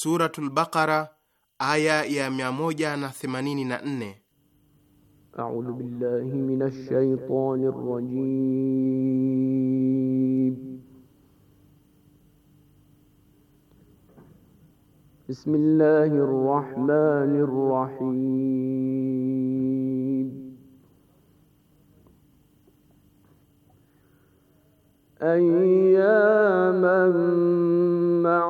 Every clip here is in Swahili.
Suratul Baqara aya ya 184. A'udhu billahi minash shaitanir rajim. Bismillahir rahmanir rahim. أياما معدودة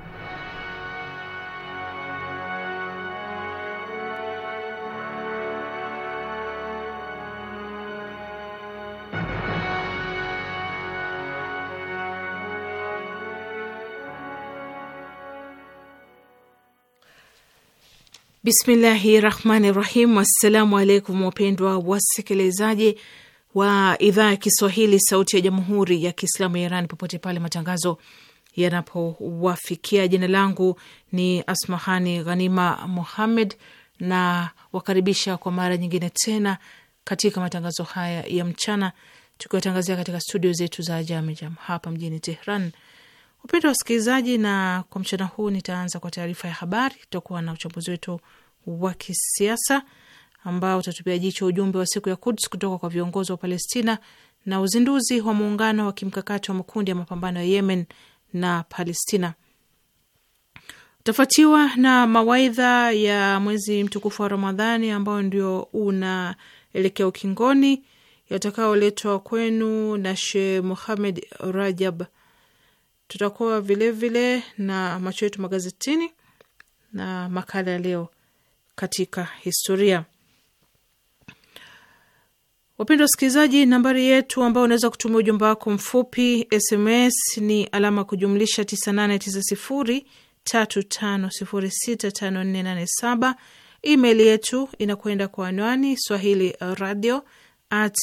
Bismillahi rahmani rahim. Assalamu alaikum wapendwa wasikilizaji wa idhaa ya Kiswahili sauti ya jamhuri ya Kiislamu ya Iran popote pale matangazo yanapowafikia. Jina langu ni Asmahani Ghanima Muhammed na wakaribisha kwa mara nyingine tena katika matangazo haya ya mchana, tukiwatangazia katika studio zetu za Jamejam hapa mjini Tehran Upendo wa wasikilizaji, na kwa mchana huu nitaanza kwa taarifa ya habari. Tutakuwa na uchambuzi wetu wa kisiasa ambao utatupia jicho ujumbe wa siku ya Kuds kutoka kwa viongozi wa Palestina na uzinduzi wa muungano wa kimkakati wa makundi ya mapambano ya Yemen na Palestina. Utafuatiwa na mawaidha ya mwezi mtukufu wa Ramadhani ambao ndio unaelekea ukingoni, yatakayoletwa kwenu na Sheh Muhamed Rajab Tutakuwa vilevile vile na macho yetu magazetini na makala ya leo katika historia. Wapendwa wasikilizaji, nambari yetu ambayo unaweza kutumia ujumbe wako mfupi SMS ni alama kujumlisha 989035065487. Email yetu inakwenda kwa anwani swahili radio at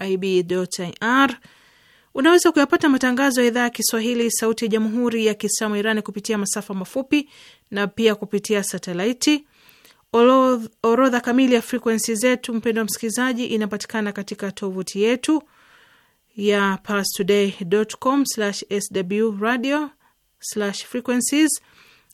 irib.ir Unaweza kuyapata matangazo ya idhaa ya Kiswahili sauti ya jamhuri ya kiislamu Irani kupitia masafa mafupi na pia kupitia satelaiti. Orodha kamili ya frekuensi zetu, mpendo wa msikilizaji, inapatikana katika tovuti yetu ya pastoday.com sw radio/frequencies.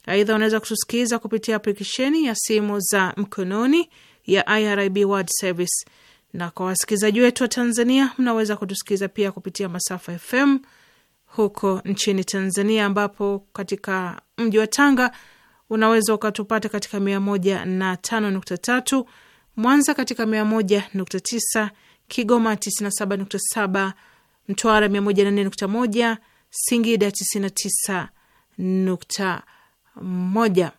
Aidha, unaweza kutusikiliza kupitia aplikesheni ya simu za mkononi ya IRIB World Service na kwa wasikilizaji wetu wa Tanzania, mnaweza kutusikiliza pia kupitia masafa FM huko nchini Tanzania, ambapo katika mji wa Tanga unaweza ukatupata katika mia moja na tano nukta tatu, Mwanza katika mia moja nukta tisa, Kigoma tisini na saba nukta saba, Mtwara mia moja na nne nukta moja, Singida tisini na tisa nukta moja.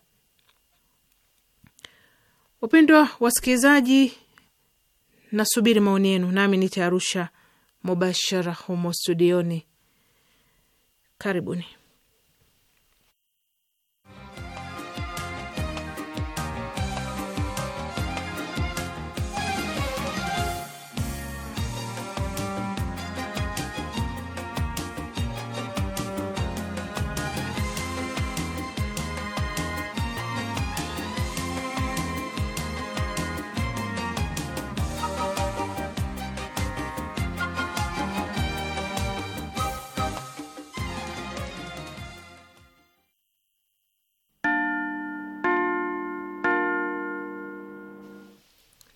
Upendo wasikilizaji, nasubiri maoni yenu, nami nitayarusha mubashara humo studioni. Karibuni.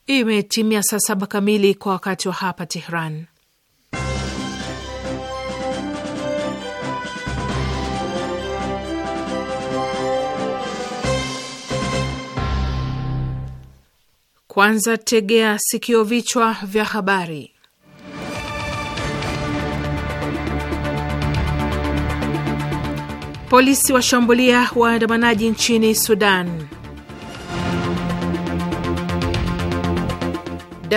Imetimia saa saba kamili kwa wakati wa hapa Tehran. Kwanza tegea sikio, vichwa vya habari. Polisi washambulia waandamanaji nchini Sudan.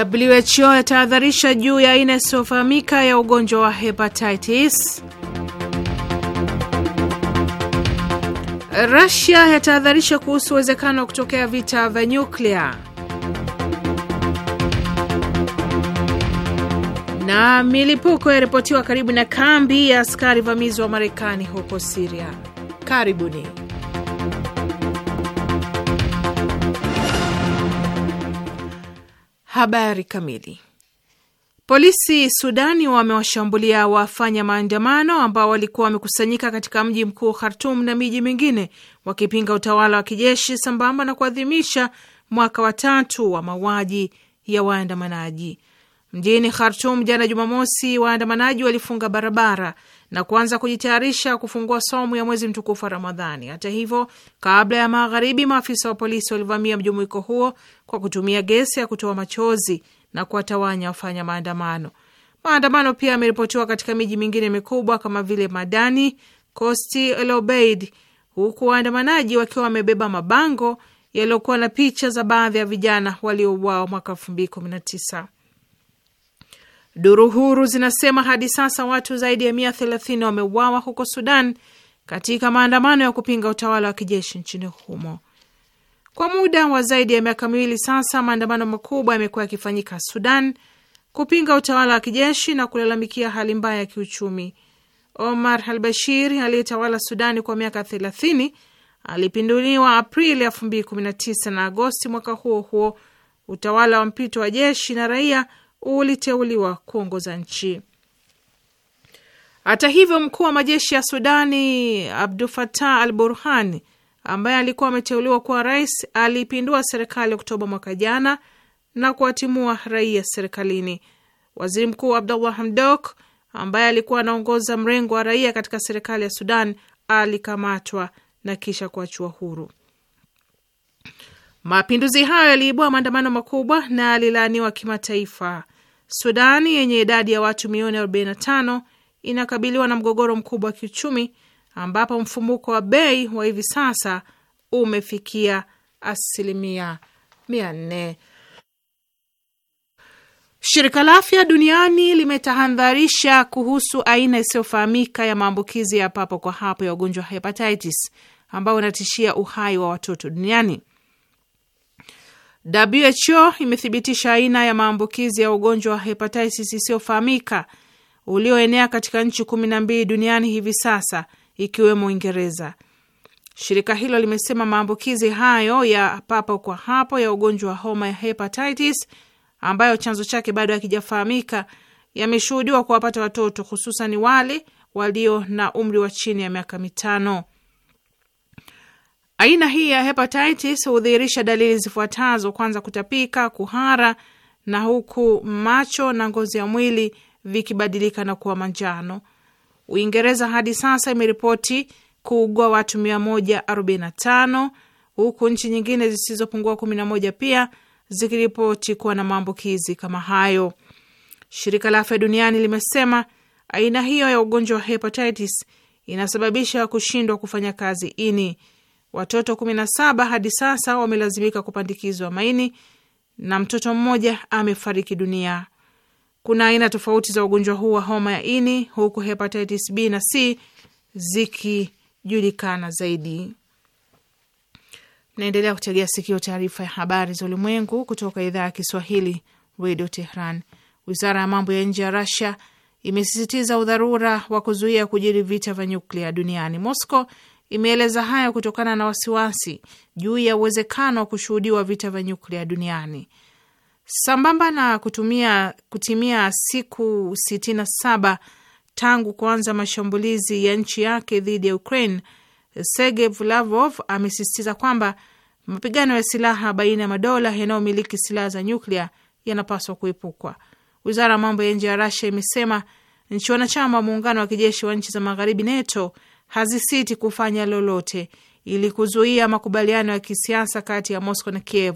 WHO yatahadharisha juu ya aina isiyofahamika ya ugonjwa wa hepatitis. Russia yatahadharisha kuhusu uwezekano wa kutokea vita vya nyuklia. Na milipuko yaripotiwa karibu na kambi ya askari vamizi wa Marekani huko Siria. Karibuni. Habari kamili. Polisi Sudani wamewashambulia wafanya maandamano ambao walikuwa wamekusanyika katika mji mkuu Khartum na miji mingine wakipinga utawala wa kijeshi sambamba na kuadhimisha mwaka wa tatu wa mauaji ya waandamanaji mjini Khartum jana Jumamosi. Waandamanaji walifunga barabara na kuanza kujitayarisha kufungua somu ya mwezi mtukufu wa Ramadhani. Hata hivyo, kabla ya magharibi, maafisa wa polisi walivamia mjumuiko huo kwa kutumia gesi ya kutoa machozi na kuwatawanya wafanya maandamano. Maandamano pia yameripotiwa katika miji mingine mikubwa kama vile Madani, Kosti El Obeid, huku waandamanaji wakiwa wamebeba mabango yaliyokuwa na picha za baadhi ya vijana waliouawa mwaka 2019. Duru huru zinasema hadi sasa watu zaidi ya mia thelathini wameuawa huko Sudan katika maandamano ya kupinga utawala wa kijeshi nchini humo. Kwa muda wa zaidi ya miaka miwili sasa, maandamano makubwa yamekuwa yakifanyika Sudan kupinga utawala wa kijeshi na kulalamikia hali mbaya ya kiuchumi. Omar al Bashir aliyetawala Sudani kwa miaka 30 alipinduliwa Aprili tisa na Agosti mwaka huo huo utawala wa mpito wa jeshi na raia uliteuliwa kuongoza nchi. Hata hivyo, mkuu wa majeshi ya Sudani Abdul Fatah al Burhan ambaye alikuwa ameteuliwa kuwa rais aliipindua serikali Oktoba mwaka jana na kuwatimua raia serikalini. Waziri Mkuu Abdullah Hamdok ambaye alikuwa anaongoza mrengo wa raia katika serikali ya Sudan alikamatwa na kisha kuachiwa huru. Mapinduzi hayo yaliibua maandamano makubwa na yalilaaniwa kimataifa. Sudani yenye idadi ya watu milioni 45 inakabiliwa na mgogoro mkubwa wa kiuchumi ambapo mfumuko wa bei wa hivi sasa umefikia asilimia 400. Shirika la Afya Duniani limetahadharisha kuhusu aina isiyofahamika ya maambukizi ya papo kwa hapo ya ugonjwa wa hepatitis ambao unatishia uhai wa watoto duniani. WHO imethibitisha aina ya maambukizi ya ugonjwa wa hepatitis isiyofahamika ulioenea katika nchi kumi na mbili duniani hivi sasa ikiwemo Uingereza. Shirika hilo limesema maambukizi hayo ya papo kwa hapo ya ugonjwa wa homa ya hepatitis ambayo chanzo chake bado hakijafahamika yameshuhudiwa kuwapata watoto hususan wale walio na umri wa chini ya miaka mitano. Aina hii ya hepatitis hudhihirisha dalili zifuatazo: kwanza, kutapika, kuhara, na huku macho na ngozi ya mwili vikibadilika na kuwa manjano. Uingereza hadi sasa imeripoti kuugua watu 145 huku nchi nyingine zisizopungua 11 pia zikiripoti kuwa na maambukizi kama hayo. Shirika la Afya Duniani limesema aina hiyo ya ugonjwa wa hepatitis inasababisha kushindwa kufanya kazi ini Watoto 17 hadi sasa wamelazimika kupandikizwa maini na mtoto mmoja amefariki dunia. Kuna aina tofauti za ugonjwa huu wa homa ya ini, huku hepatitis B na C zikijulikana zaidi. Naendelea kutegea sikio taarifa ya habari za ulimwengu kutoka idhaa ya Kiswahili redio Tehran. Wizara ya mambo ya nje ya Rasia imesisitiza udharura wa kuzuia kujiri vita vya nyuklia duniani. Mosco imeeleza hayo kutokana na wasiwasi juu ya uwezekano wa kushuhudiwa vita vya nyuklia duniani. Sambamba na kutumia kutimia siku 67 tangu kuanza mashambulizi ya nchi yake dhidi ya Ukraine, Sergey Lavrov amesisitiza kwamba mapigano ya silaha baina ya madola yanayomiliki silaha za nyuklia yanapaswa kuepukwa. Wizara ya mambo ya nje ya Rasia imesema nchi wanachama wa muungano wa kijeshi wa nchi za magharibi NATO hazisiti kufanya lolote ili kuzuia makubaliano ya kisiasa kati ya Moscow na Kiev,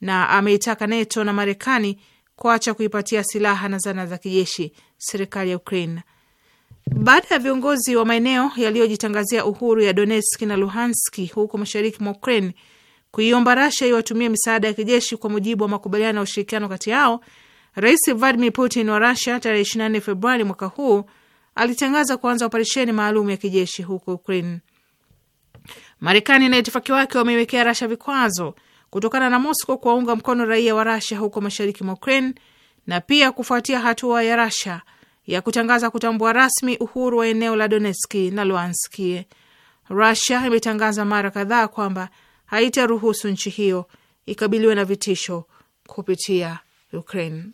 na ameitaka NATO na Marekani kuacha kuipatia silaha na zana za kijeshi serikali ya Ukraine. Baada ya viongozi wa maeneo yaliyojitangazia uhuru ya Donetsk na Luhanski huko mashariki mwa Ukraine kuiomba Rasha iwatumie misaada ya kijeshi kwa mujibu wa makubaliano ya ushirikiano kati yao, Rais Vladimir Putin wa Rasia tarehe 24 Februari mwaka huu alitangaza kuanza operesheni maalum ya kijeshi huko Ukraine. Marekani na itifaki wake wameiwekea Rasha vikwazo kutokana na mosco kuwaunga mkono raia wa Rasha huko mashariki mwa Ukraine na pia kufuatia hatua ya Rasha ya kutangaza kutambua rasmi uhuru wa eneo la Donetski na Luanski. rasia imetangaza mara kadhaa kwamba haitaruhusu nchi hiyo ikabiliwe na vitisho kupitia Ukraine.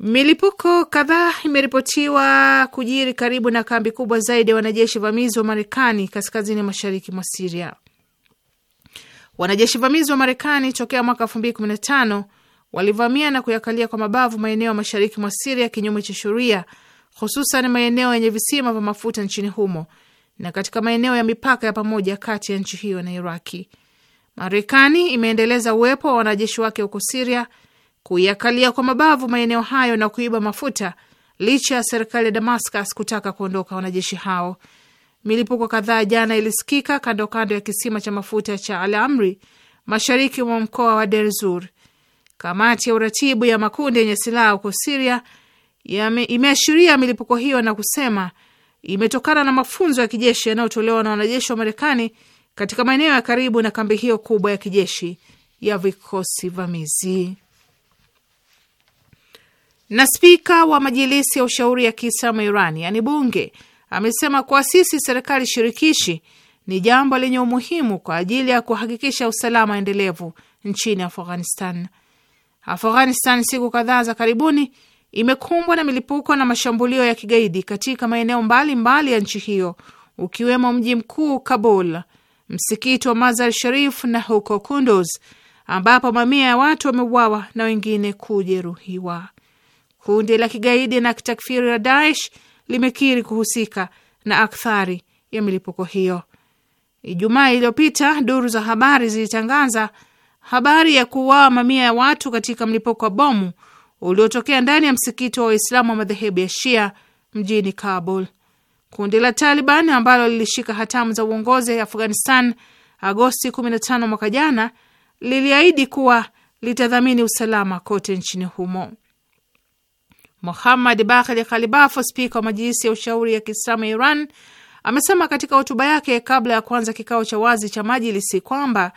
Milipuko kadhaa imeripotiwa kujiri karibu na kambi kubwa zaidi ya wanajeshi vamizi wa Marekani kaskazini mashariki mwa Siria. Wanajeshi vamizi wa Marekani tokea mwaka tano walivamia na kuyakalia kwa mabavu maeneo ya mashariki mwa Siria kinyume cha sheria, hususan maeneo yenye visima vya mafuta nchini humo na katika maeneo ya mipaka ya pamoja kati ya nchi hiyo na Iraki. Marekani imeendeleza uwepo wa wanajeshi wake huko Siria kuyakalia kwa mabavu maeneo hayo na kuiba mafuta, licha ya serikali ya Damascus kutaka kuondoka wanajeshi hao. Milipuko kadhaa jana ilisikika kando kando ya kisima cha mafuta cha Al Amri mashariki mwa mkoa wa Derzur. Kamati ya uratibu ya makundi yenye silaha huko Siria imeashiria milipuko hiyo na kusema imetokana na mafunzo ya kijeshi yanayotolewa na wanajeshi wa Marekani katika maeneo ya karibu na kambi hiyo kubwa ya kijeshi ya vikosi vamizi. Na spika wa Majilisi ya Ushauri ya Kiislamu Iran, yaani bunge, amesema kuasisi serikali shirikishi ni jambo lenye umuhimu kwa ajili ya kuhakikisha usalama endelevu nchini Afghanistan. Afghanistan siku kadhaa za karibuni imekumbwa na milipuko na mashambulio ya kigaidi katika maeneo mbalimbali ya nchi hiyo ukiwemo mji mkuu Kabul, msikiti wa Mazar Sharif na huko Kunduz ambapo mamia ya watu wameuawa na wengine kujeruhiwa. Kundi la kigaidi na kitakfiri la Daesh limekiri kuhusika na akthari ya milipuko hiyo. Ijumaa iliyopita, duru za habari zilitangaza habari ya kuuawa mamia ya watu katika mlipuko wa bomu uliotokea ndani ya msikiti wa Waislamu wa madhehebu ya Shia mjini Kabul. Kundi la Taliban ambalo lilishika hatamu za uongozi Afghanistan Agosti 15 mwaka jana liliahidi kuwa litadhamini usalama kote nchini humo. Muhammad Bagheri Kalibaf, spika wa majilisi ya ushauri ya Kiislamu ya Iran, amesema katika hotuba yake kabla ya kuanza kikao cha wazi cha majilisi kwamba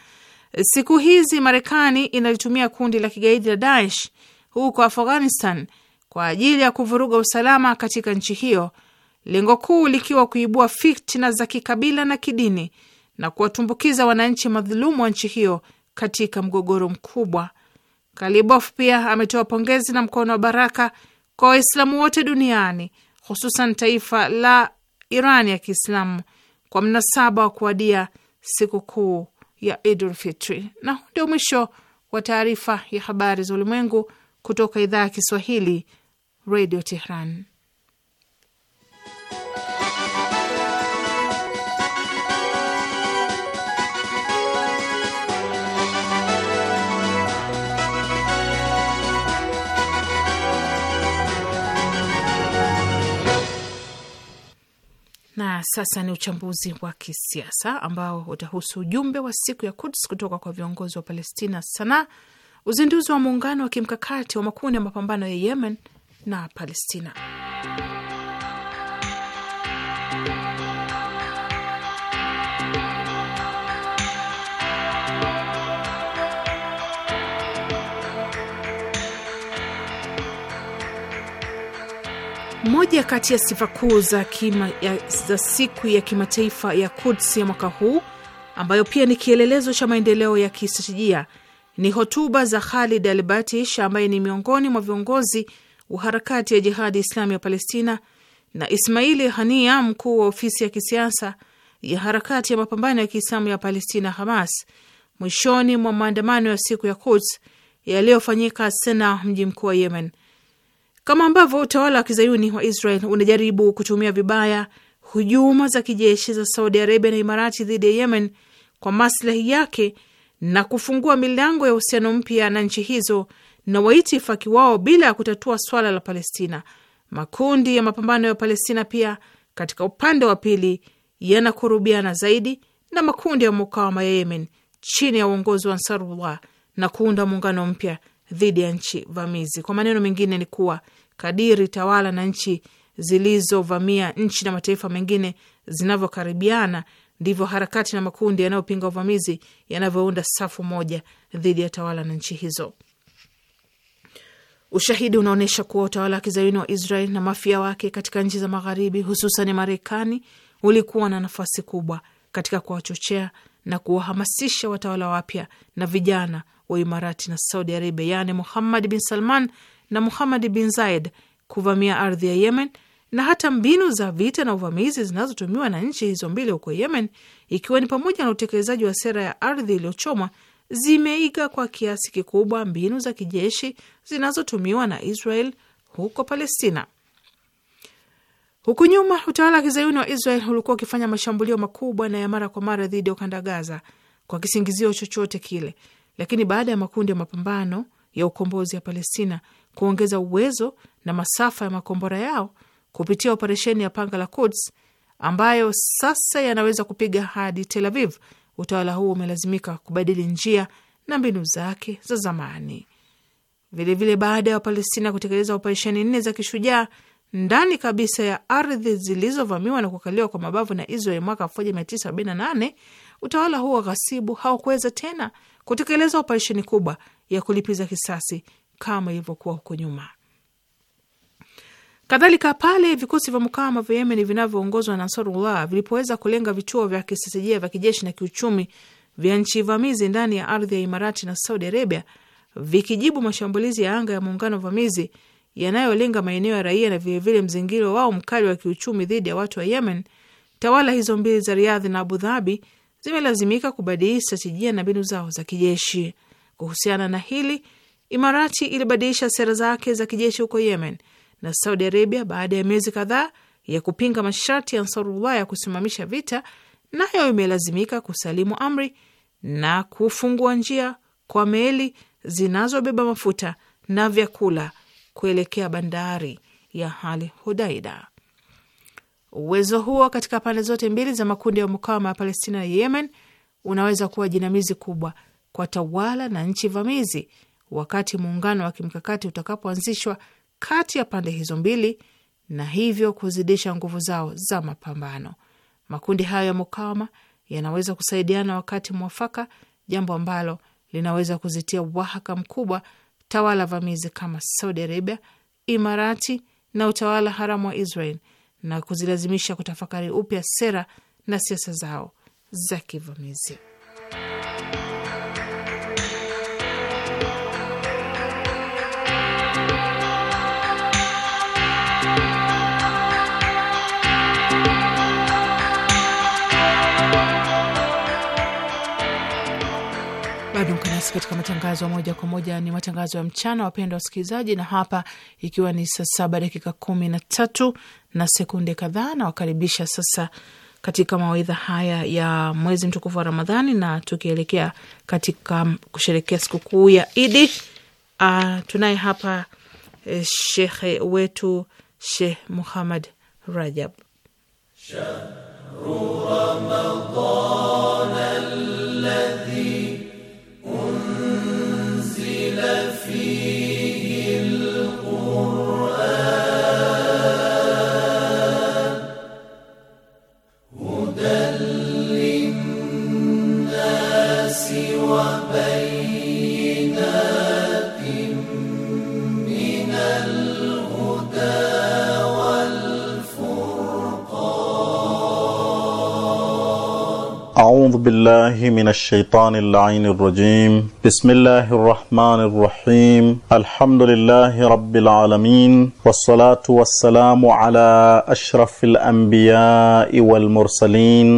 siku hizi Marekani inalitumia kundi la kigaidi la Daesh huko Afghanistan kwa ajili ya kuvuruga usalama katika nchi hiyo, lengo kuu likiwa kuibua fitna za kikabila na kidini na kuwatumbukiza wananchi madhulumu wa nchi hiyo katika mgogoro mkubwa. Kalibof pia ametoa pongezi na mkono wa baraka kwa Waislamu wote duniani, hususan taifa la Iran ya Kiislamu kwa mnasaba wa kuadia sikukuu ya Idul Fitri. Na huu ndio mwisho wa taarifa ya habari za ulimwengu kutoka idhaa ya Kiswahili, Radio Tehran. Na sasa ni uchambuzi wa kisiasa ambao utahusu ujumbe wa siku ya Kuds kutoka kwa viongozi wa Palestina, Sanaa, uzinduzi wa muungano wa kimkakati wa makundi ya mapambano ya Yemen na Palestina. Moja kati ya sifa kuu za, za siku ya kimataifa ya Quds ya mwaka huu ambayo pia ni kielelezo cha maendeleo ya kistratejia ni hotuba za Khalid al Batish ambaye ni miongoni mwa viongozi wa harakati ya Jihadi Islamu ya Palestina na Ismaili Hania, mkuu wa ofisi ya kisiasa ya harakati ya mapambano ya Kiislamu ya Palestina Hamas, mwishoni mwa maandamano ya siku ya Quds yaliyofanyika Sena, mji mkuu wa Yemen kama ambavyo utawala wa kizayuni wa Israel unajaribu kutumia vibaya hujuma za kijeshi za Saudi Arabia na Imarati dhidi ya Yemen kwa maslahi yake na kufungua milango ya uhusiano mpya na nchi hizo na waitifaki wao bila ya kutatua swala la Palestina. Makundi ya mapambano ya Palestina pia katika upande wa pili yanakurubiana zaidi na makundi ya mukawama ya Yemen chini ya uongozi wa Ansarullah na kuunda muungano mpya dhidi ya nchi vamizi. Kwa maneno mengine ni kuwa kadiri tawala na nchi zilizovamia nchi na mataifa mengine zinavyokaribiana ndivyo harakati na makundi yanayopinga uvamizi yanavyounda safu moja dhidi ya tawala na nchi hizo. Ushahidi unaonyesha kuwa utawala wa kizayuni wa Israel na mafia wake katika nchi za Magharibi, hususan Marekani, ulikuwa na nafasi kubwa katika kuwachochea na kuwahamasisha watawala wapya na vijana wa Imarati na Saudi Arabia, yaani Muhammad bin Salman na Muhamad bin Zaid kuvamia ardhi ya Yemen na hata mbinu za vita na uvamizi zinazotumiwa na nchi hizo mbili huko Yemen, ikiwa ni pamoja na utekelezaji wa sera ya ardhi iliyochomwa, zimeiga kwa kiasi kikubwa mbinu za kijeshi zinazotumiwa na Israel huko Palestina. Huku nyuma utawala wa kizayuni wa Israel ulikuwa ukifanya mashambulio makubwa na ya mara kwa mara dhidi ya ukanda Gaza kwa kisingizio chochote kile, lakini baada ya makundi ya mapambano ya ukombozi ya Palestina kuongeza uwezo na masafa ya makombora yao kupitia operesheni ya panga la Quds ambayo sasa yanaweza kupiga hadi Tel Aviv, utawala huo umelazimika kubadili njia na mbinu zake za zamani. Vilevile vile baada ya Wapalestina kutekeleza operesheni nne za kishujaa ndani kabisa ya ardhi zilizovamiwa na kukaliwa kwa mabavu na Israel mwaka 1948 utawala huo wa ghasibu haukuweza tena kutekeleza operesheni kubwa ya kulipiza kisasi kama ilivyokuwa huko nyuma. Kadhalika, pale vikosi vya mukawama vya Yemen vinavyoongozwa na Ansarullah vilipoweza kulenga vituo vya kistratejia vya kijeshi na kiuchumi vya nchi vamizi ndani ya ardhi ya Imarati na Saudi Arabia, vikijibu mashambulizi ya anga ya muungano vamizi yanayolenga maeneo ya raia na vilevile mzingiro wao mkali wa kiuchumi dhidi ya watu wa Yemen, tawala hizo mbili za Riadhi na Abu Dhabi zimelazimika kubadili stratejia na mbinu zao za kijeshi. Kuhusiana na hili, Imarati ilibadilisha sera zake za kijeshi huko Yemen na Saudi Arabia baada ya miezi kadhaa ya kupinga masharti ya Ansarullah ya kusimamisha vita, nayo imelazimika kusalimu amri na kufungua njia kwa meli zinazobeba mafuta na vyakula kuelekea bandari ya Al Hudaida. Uwezo huo katika pande zote mbili za makundi ya mukawama ya Palestina na Yemen unaweza kuwa jinamizi kubwa kwa tawala na nchi vamizi wakati muungano wa kimkakati utakapoanzishwa kati ya pande hizo mbili, na hivyo kuzidisha nguvu zao za mapambano. Makundi hayo ya mukawama yanaweza kusaidiana wakati mwafaka, jambo ambalo linaweza kuzitia wahaka mkubwa tawala vamizi kama Saudi Arabia, Imarati na utawala haramu wa Israel na kuzilazimisha kutafakari upya sera na siasa zao za kivamizi. katika matangazo ya moja kwa moja, ni matangazo ya mchana, wapendwa wasikilizaji, na hapa ikiwa ni saa saba dakika kumi na tatu na sekunde kadhaa, nawakaribisha sasa katika mawaidha haya ya mwezi mtukufu wa Ramadhani, na tukielekea katika kusherekea sikukuu ya Idi. Uh, tunaye hapa eh, shekhe wetu sheh Muhammad Rajab Shahru أعوذ بالله من الشيطان اللعين الرجيم بسم الله الرحمن الرحيم الحمد لله رب العالمين والصلاة والسلام على أشرف الأنبياء والمرسلين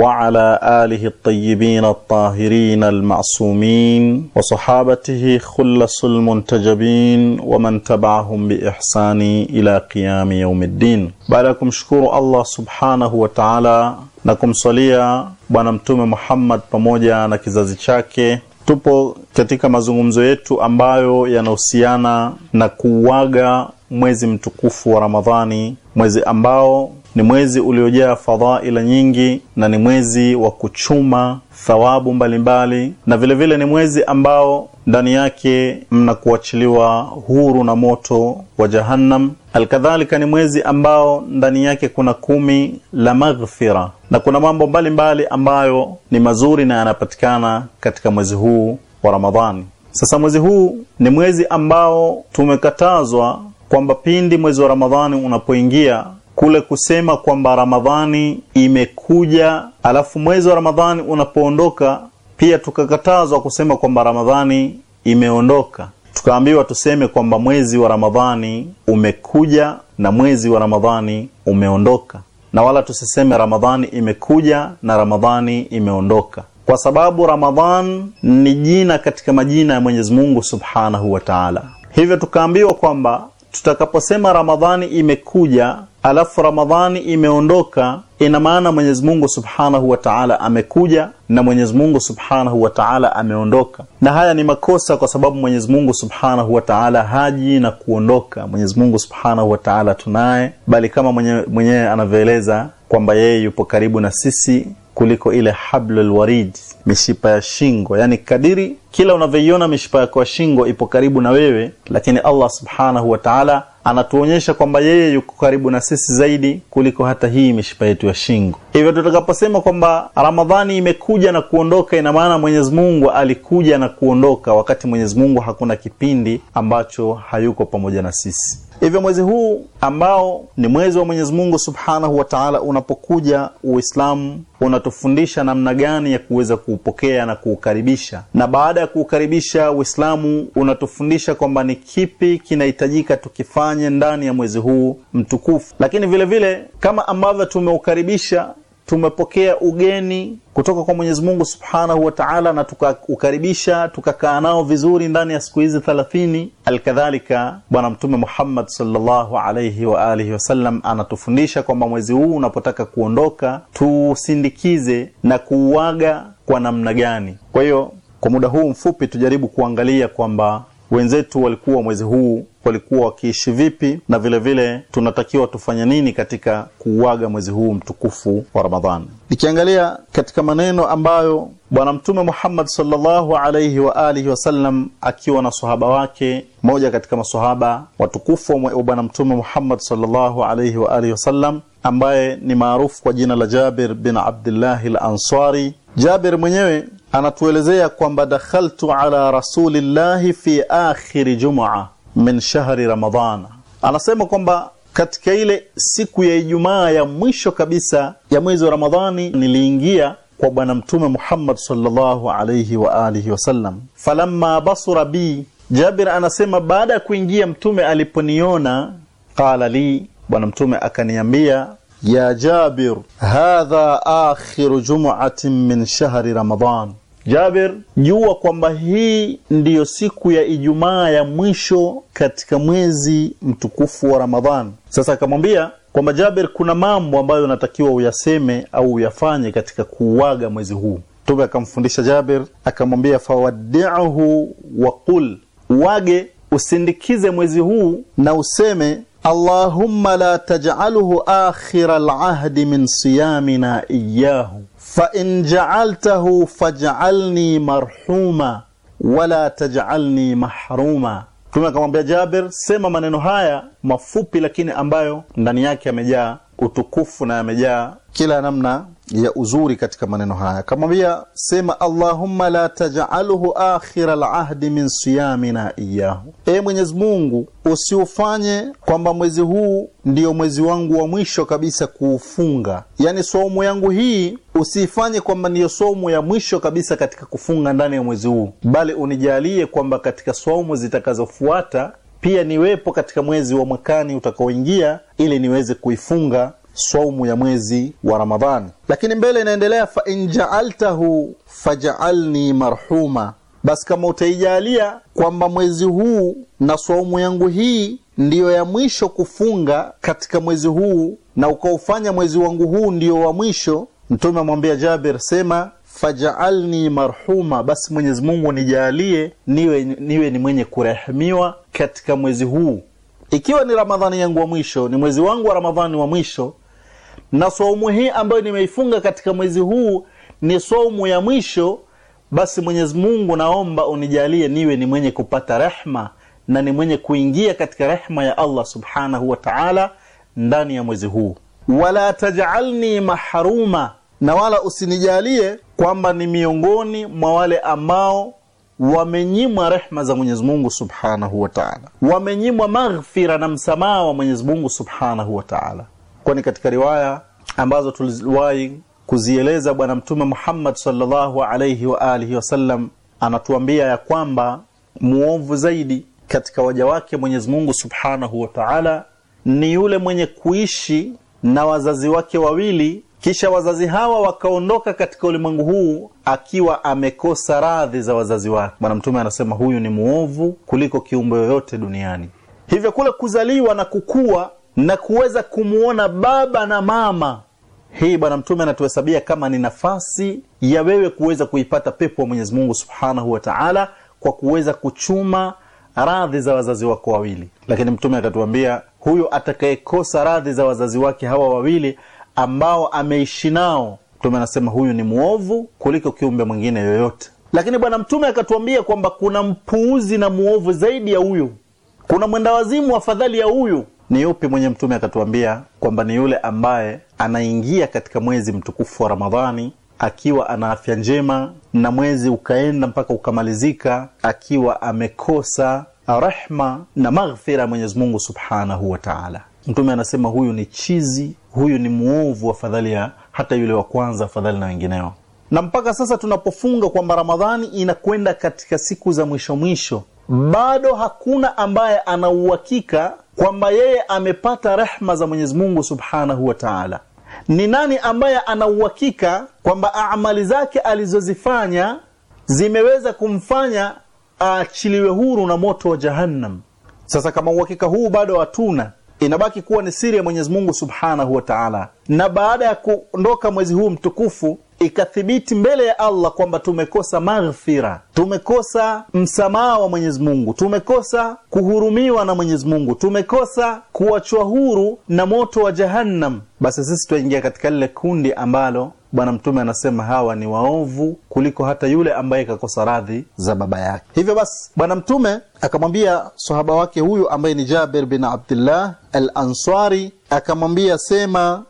وعلى آله الطيبين الطاهرين المعصومين وصحابته خلص المنتجبين ومن تبعهم بإحسان إلى قيام يوم الدين بعدكم شكور الله سبحانه وتعالى نكم صليا Bwana Mtume Muhammad pamoja na kizazi chake. Tupo katika mazungumzo yetu ambayo yanahusiana na kuuaga mwezi mtukufu wa Ramadhani, mwezi ambao ni mwezi uliojaa fadhaila nyingi na ni mwezi wa kuchuma thawabu mbalimbali mbali. Na vilevile vile ni mwezi ambao ndani yake mna kuachiliwa huru na moto wa Jahannam. Alkadhalika ni mwezi ambao ndani yake kuna kumi la maghfira na kuna mambo mbalimbali mbali ambayo ni mazuri na yanapatikana katika mwezi huu wa Ramadhani. Sasa mwezi huu ni mwezi ambao tumekatazwa kwamba pindi mwezi wa Ramadhani unapoingia kule kusema kwamba Ramadhani imekuja, alafu mwezi wa Ramadhani unapoondoka, pia tukakatazwa kusema kwamba Ramadhani imeondoka. Tukaambiwa tuseme kwamba mwezi wa Ramadhani umekuja na mwezi wa Ramadhani umeondoka, na wala tusiseme Ramadhani imekuja na Ramadhani imeondoka, kwa sababu Ramadhan ni jina katika majina ya Mwenyezi Mungu Subhanahu wa Ta'ala. Hivyo tukaambiwa kwamba tutakaposema Ramadhani imekuja alafu Ramadhani imeondoka, ina maana Mwenyezi Mungu Subhanahu wa Ta'ala amekuja na Mwenyezi Mungu Subhanahu wa Ta'ala ameondoka, na haya ni makosa, kwa sababu Mwenyezi Mungu Subhanahu wa Ta'ala haji na kuondoka. Mwenyezi Mungu Subhanahu wa Ta'ala tunaye, bali kama mwenyewe mwenye anavyoeleza kwamba yeye yupo karibu na sisi kuliko ile hablu lwarid, mishipa ya shingo. Yani kadiri kila unavyoiona mishipa yako ya shingo ipo karibu na wewe, lakini Allah subhanahu wa ta'ala anatuonyesha kwamba yeye yuko karibu na sisi zaidi kuliko hata hii mishipa yetu ya shingo. Hivyo tutakaposema kwamba Ramadhani imekuja na kuondoka, ina maana Mwenyezi Mungu alikuja na kuondoka, wakati Mwenyezi Mungu hakuna kipindi ambacho hayuko pamoja na sisi. Hivyo mwezi huu ambao ni mwezi wa Mwenyezi Mungu Subhanahu wa Ta'ala, unapokuja Uislamu unatufundisha namna gani ya kuweza kuupokea na kuukaribisha, na baada ya kuukaribisha Uislamu unatufundisha kwamba ni kipi kinahitajika tukifanye ndani ya mwezi huu mtukufu, lakini vile vile kama ambavyo tumeukaribisha tumepokea ugeni kutoka kwa Mwenyezi Mungu Subhanahu wa Ta'ala, na tukaukaribisha tukakaa nao vizuri ndani ya siku hizi 30. Alkadhalika, Bwana Mtume Muhammad sallallahu alayhi wa alihi wasallam anatufundisha kwamba mwezi huu unapotaka kuondoka, tusindikize na kuuaga kwa namna gani. Kwa hiyo, kwa muda huu mfupi tujaribu kuangalia kwamba wenzetu walikuwa mwezi huu walikuwa wakiishi vipi, na vile vile tunatakiwa tufanye nini katika kuuaga mwezi huu mtukufu wa Ramadhani. Nikiangalia katika maneno ambayo Bwana Mtume Muhammad sallallahu alaihi wa alihi wasallam akiwa na sahaba wake, moja katika masahaba watukufu wa Bwana Mtume Muhammad sallallahu alaihi wa alihi wasallam ambaye ni maarufu kwa jina la Jabir bin Abdillahi al-Ansari. Jabir mwenyewe anatuelezea kwamba dakhaltu ala rasulillahi fi akhiri jumua min shahri ramadana, anasema kwamba katika ile siku ya Ijumaa ya mwisho kabisa ya mwezi wa Ramadhani niliingia kwa Bwana Mtume Muhammad sallallahu alayhi wa alihi wasallam. Falamma basura bi, Jabir anasema baada ya kuingia Mtume aliponiona, qala li, Bwana Mtume akaniambia, ya Jabir, hadha akhiru jumuatin min shahri ramadan Jaber, jua kwamba hii ndiyo siku ya Ijumaa ya mwisho katika mwezi mtukufu wa Ramadhan. Sasa akamwambia kwamba Jaber, kuna mambo ambayo unatakiwa uyaseme au uyafanye katika kuuaga mwezi huu. Mtume akamfundisha Jaber, akamwambia fawaddiuhu waqul, uwage usindikize mwezi huu na useme Allahumma la tajalhu akhira alahdi min siyamina iyahu in jaaltahu fajalni marhuma wala taj'alni mahruma Mtume akamwambia Jabir, sema maneno haya mafupi lakini ambayo ndani yake yamejaa utukufu na yamejaa kila namna ya uzuri katika maneno haya. Akamwambia sema, Allahumma la tajalhu akhira lahdi min siyamina iyahu, e Mwenyezi Mungu usiufanye kwamba mwezi huu ndiyo mwezi wangu wa mwisho kabisa kuufunga, yani somo yangu hii usiifanye kwamba ndiyo somo ya mwisho kabisa katika kufunga ndani ya mwezi huu, bali unijalie kwamba katika somo zitakazofuata pia niwepo katika mwezi wa mwakani utakaoingia, ili niweze kuifunga saumu ya mwezi wa Ramadhani. Lakini mbele inaendelea, fa in jaaltahu fajaalni marhuma, basi kama utaijaalia kwamba mwezi huu na saumu yangu hii ndiyo ya mwisho kufunga katika mwezi huu na ukaufanya mwezi wangu huu ndiyo wa mwisho, Mtume amwambia Jabir, sema fajaalni marhuma, basi Mwenyezi Mungu niwe, niwe ni mwenye kurehemiwa katika mwezi huu, ikiwa ni Ramadhani yangu wa mwisho, ni mwezi wangu wa Ramadhani wa mwisho, na saumu hii ambayo nimeifunga katika mwezi huu ni saumu ya mwisho, basi Mwenyezi Mungu naomba unijalie niwe ni mwenye kupata rehma na ni mwenye kuingia katika rehma ya Allah subhanahu wa ta'ala ndani ya mwezi huu. Wala tajalni mahruma, na wala usinijalie kwamba ni miongoni mwa wale ambao wamenyimwa rehma za Mwenyezi Mungu subhanahu wa ta'ala, wamenyimwa maghfira na msamaha wa Mwenyezi Mungu subhanahu wa ta'ala kwani katika riwaya ambazo tuliwahi kuzieleza bwana mtume Muhammad sallallahu alayhi wa alihi wasallam anatuambia ya kwamba muovu zaidi katika waja wake Mwenyezi Mungu Subhanahu wa Ta'ala ni yule mwenye kuishi na wazazi wake wawili kisha wazazi hawa wakaondoka katika ulimwengu huu akiwa amekosa radhi za wazazi wake. Bwana Mtume anasema huyu ni muovu kuliko kiumbe yoyote duniani. Hivyo kule kuzaliwa na kukua na kuweza kumwona baba na mama. Hii Bwana Mtume anatuhesabia kama ni nafasi ya wewe kuweza kuipata pepo ya Mwenyezi Mungu subhanahu wa taala kwa kuweza kuchuma radhi za wazazi wako wawili. Lakini Mtume akatuambia huyo atakayekosa radhi za wazazi wake hawa wawili ambao ameishi nao, Mtume anasema huyu ni mwovu kuliko kiumbe mwingine yoyote. Lakini Bwana Mtume akatuambia kwamba kuna mpuuzi na mwovu zaidi ya huyu, kuna mwendawazimu afadhali ya huyu ni yupi mwenye mtume akatuambia kwamba ni yule ambaye anaingia katika mwezi mtukufu wa ramadhani akiwa ana afya njema na mwezi ukaenda mpaka ukamalizika akiwa amekosa rehma na maghfira ya mwenyezi mungu subhanahu wa taala mtume anasema huyu ni chizi huyu ni mwovu afadhali ya hata yule wa kwanza afadhali na wengineo na mpaka sasa tunapofunga kwamba ramadhani inakwenda katika siku za mwisho mwisho bado hakuna ambaye ana uhakika kwamba yeye amepata rehma za Mwenyezi Mungu Subhanahu wa Ta'ala. Ni nani ambaye ana uhakika kwamba amali zake alizozifanya zimeweza kumfanya aachiliwe huru na moto wa Jahannam? Sasa kama uhakika huu bado hatuna, inabaki kuwa ni siri ya Mwenyezi Mungu Subhanahu wa Ta'ala na baada ya kuondoka mwezi huu mtukufu ikathibiti mbele ya Allah kwamba tumekosa maghfira, tumekosa msamaha wa Mwenyezi Mungu, tumekosa kuhurumiwa na Mwenyezi Mungu, tumekosa kuachwa huru na moto wa Jahannam, basi sisi twaingia katika lile kundi ambalo Bwana Mtume anasema hawa ni waovu kuliko hata yule ambaye kakosa radhi za baba yake. Hivyo basi, Bwana Mtume akamwambia sahaba wake huyu ambaye ni Jabir bin Abdullah al-Ansari, akamwambia sema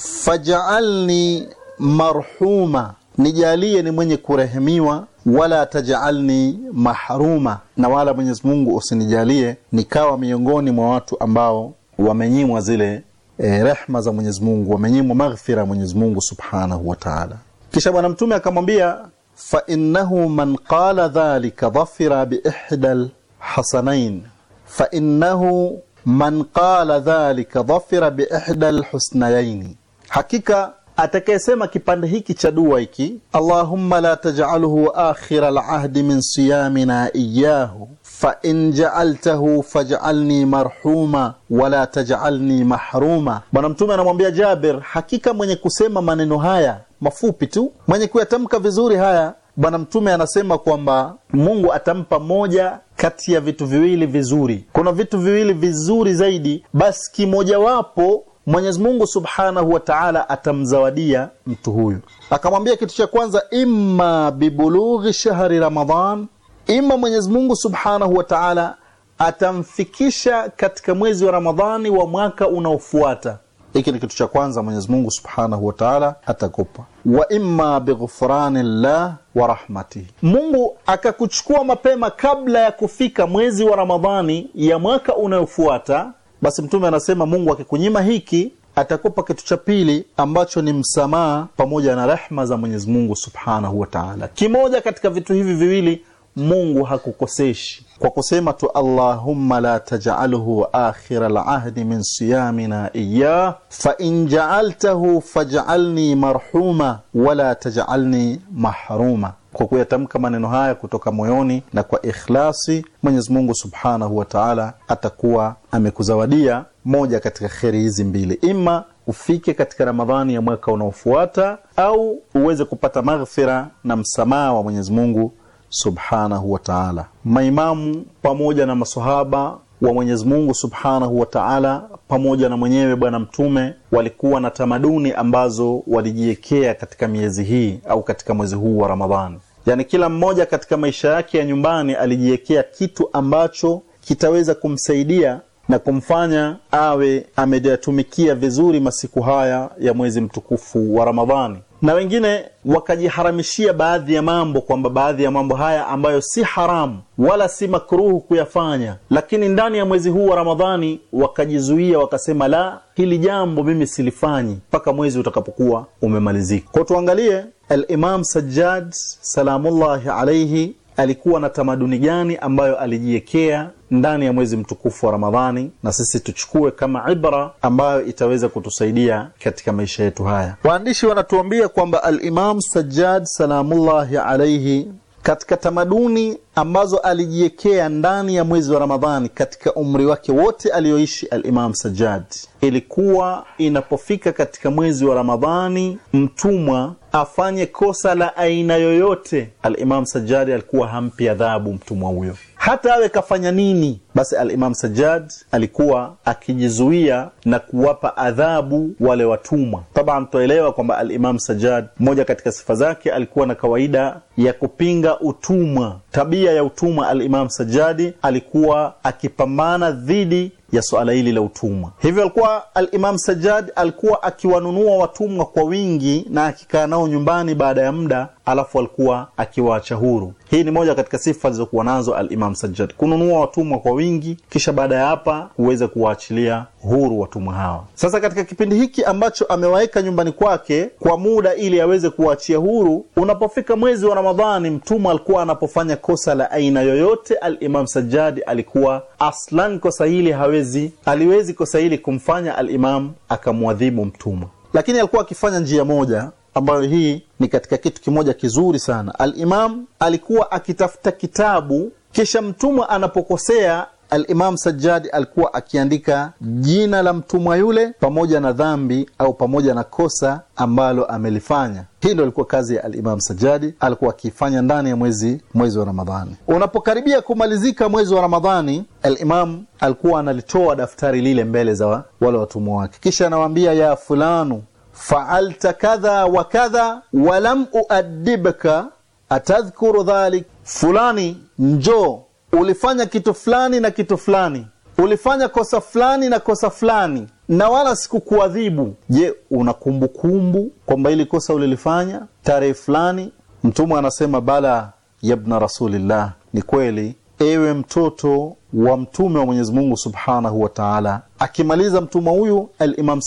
faj'alni marhuma, nijalie ni mwenye kurehemiwa, wala tajalni mahruma, na wala Mwenyezi Mungu usinijalie nikawa miongoni mwa watu ambao wamenyimwa zile eh, rehma za Mwenyezi Mungu, wamenyimwa maghfira ya Mwenyezi Mungu Subhanahu wa Ta'ala. Kisha Bwana Mtume akamwambia fa innahu man qala dhalika dhafira biihda hasanain fa innahu man qala dhalika dhafira biihdal husnayaini Hakika atakayesema kipande hiki cha dua hiki, Allahumma la taj'alhu akhira al min siyamina iyyahu fa in ja'altahu faj'alni marhuma wala taj'alni mahruma. Bwana Mtume anamwambia Jabir, hakika mwenye kusema maneno haya mafupi tu, mwenye kuyatamka vizuri haya, Bwana Mtume anasema kwamba Mungu atampa moja kati ya vitu viwili vizuri. Kuna vitu viwili vizuri zaidi, basi kimojawapo Mwenyezi Mungu Subhanahu wa Ta'ala atamzawadia mtu huyu. Akamwambia kitu cha kwanza imma bibulughi shahri Ramadhan, imma Mwenyezi Mungu Subhanahu wa Ta'ala atamfikisha katika mwezi wa Ramadhani wa mwaka unaofuata. Hiki ni kitu cha kwanza Mwenyezi Mungu Subhanahu wa Ta'ala atakupa. Wa imma bighfrani llah wa rahmatihi, Mungu akakuchukua mapema kabla ya kufika mwezi wa Ramadhani ya mwaka unaofuata basi Mtume anasema Mungu akikunyima hiki atakupa kitu cha pili ambacho ni msamaha pamoja na rehma za Mwenyezi Mungu subhanahu wa taala. Kimoja katika vitu hivi viwili Mungu hakukoseshi kwa kusema tu allahumma la tajalhu akhira lahdi min siyamina iyah fain jaaltahu fajalni marhuma wala tajalni mahruma. Kwa kuyatamka maneno haya kutoka moyoni na kwa ikhlasi, Mwenyezi Mungu subhanahu wa taala atakuwa amekuzawadia moja katika kheri hizi mbili, ima ufike katika Ramadhani ya mwaka unaofuata au uweze kupata maghfira na msamaha wa Mwenyezi Mungu subhanahu wa taala. Maimamu pamoja na masahaba wa Mwenyezi Mungu subhanahu wa taala pamoja na mwenyewe Bwana Mtume walikuwa na tamaduni ambazo walijiwekea katika miezi hii au katika mwezi huu wa Ramadhani. Yaani, kila mmoja katika maisha yake ya nyumbani alijiwekea kitu ambacho kitaweza kumsaidia na kumfanya awe amejatumikia vizuri masiku haya ya mwezi mtukufu wa Ramadhani na wengine wakajiharamishia baadhi ya mambo, kwamba baadhi ya mambo haya ambayo si haramu wala si makruhu kuyafanya, lakini ndani ya mwezi huu wa Ramadhani wakajizuia, wakasema la, hili jambo mimi silifanyi mpaka mwezi utakapokuwa umemalizika. Kwa tuangalie Al-Imam Sajjad salamullahi alayhi alikuwa na tamaduni gani ambayo alijiwekea ndani ya mwezi mtukufu wa Ramadhani, na sisi tuchukue kama ibra ambayo itaweza kutusaidia katika maisha yetu haya. Waandishi wanatuambia kwamba Alimam Sajjad salamullahi alaihi katika tamaduni ambazo alijiwekea ndani ya mwezi wa Ramadhani katika umri wake wote aliyoishi Alimam Sajjad, ilikuwa inapofika katika mwezi wa Ramadhani, mtumwa afanye kosa la aina yoyote, Alimam sajadi alikuwa hampi adhabu mtumwa huyo, hata awe kafanya nini. Basi Alimam Sajad alikuwa akijizuia na kuwapa adhabu wale watumwa. Taban tuelewa kwamba Alimam Sajad, mmoja katika sifa zake, alikuwa na kawaida ya kupinga utumwa, tabia ya utumwa. Alimam sajadi alikuwa akipambana dhidi ya swala hili la utumwa. Hivyo alikuwa Alimam imam Sajjad alikuwa akiwanunua watumwa kwa wingi na akikaa nao nyumbani, baada ya muda alafu alikuwa akiwaacha huru. Hii ni moja katika sifa alizokuwa nazo alimam imam Sajjad, kununua watumwa kwa wingi, kisha baada ya hapa huweze kuwaachilia huru watumwa hawa. Sasa katika kipindi hiki ambacho amewaweka nyumbani kwake kwa muda ili aweze kuwaachia huru, unapofika mwezi wa Ramadhani, mtumwa alikuwa anapofanya kosa la aina yoyote, Al-Imam Sajjad alikuwa aslan kosa hili hawezi aliwezi kosa hili kumfanya alimam akamwadhibu mtumwa, lakini alikuwa akifanya njia moja ambayo hii ni katika kitu kimoja kizuri sana alimam alikuwa akitafuta kitabu kisha mtumwa anapokosea alimam sajadi alikuwa akiandika jina la mtumwa yule pamoja na dhambi au pamoja na kosa ambalo amelifanya hii ndo ilikuwa kazi ya alimam sajadi alikuwa akiifanya ndani ya mwezi mwezi wa ramadhani unapokaribia kumalizika mwezi wa ramadhani alimam alikuwa analitoa daftari lile mbele za wale watumwa wake kisha anawaambia ya fulanu fa'alta kadha wa kadha walam uaddibka atadhkuru dhalik, fulani njo ulifanya kitu fulani na kitu fulani, ulifanya kosa fulani na kosa fulani na wala sikukuadhibu. Je, una kumbukumbu kwamba ili kosa ulilifanya tarehe fulani? Mtume anasema bala yabna rasulillah, ni kweli ewe mtoto wa mtume wa Mwenyezi Mungu Subhanahu wa Ta'ala. Akimaliza mtumwa huyu, al-Imam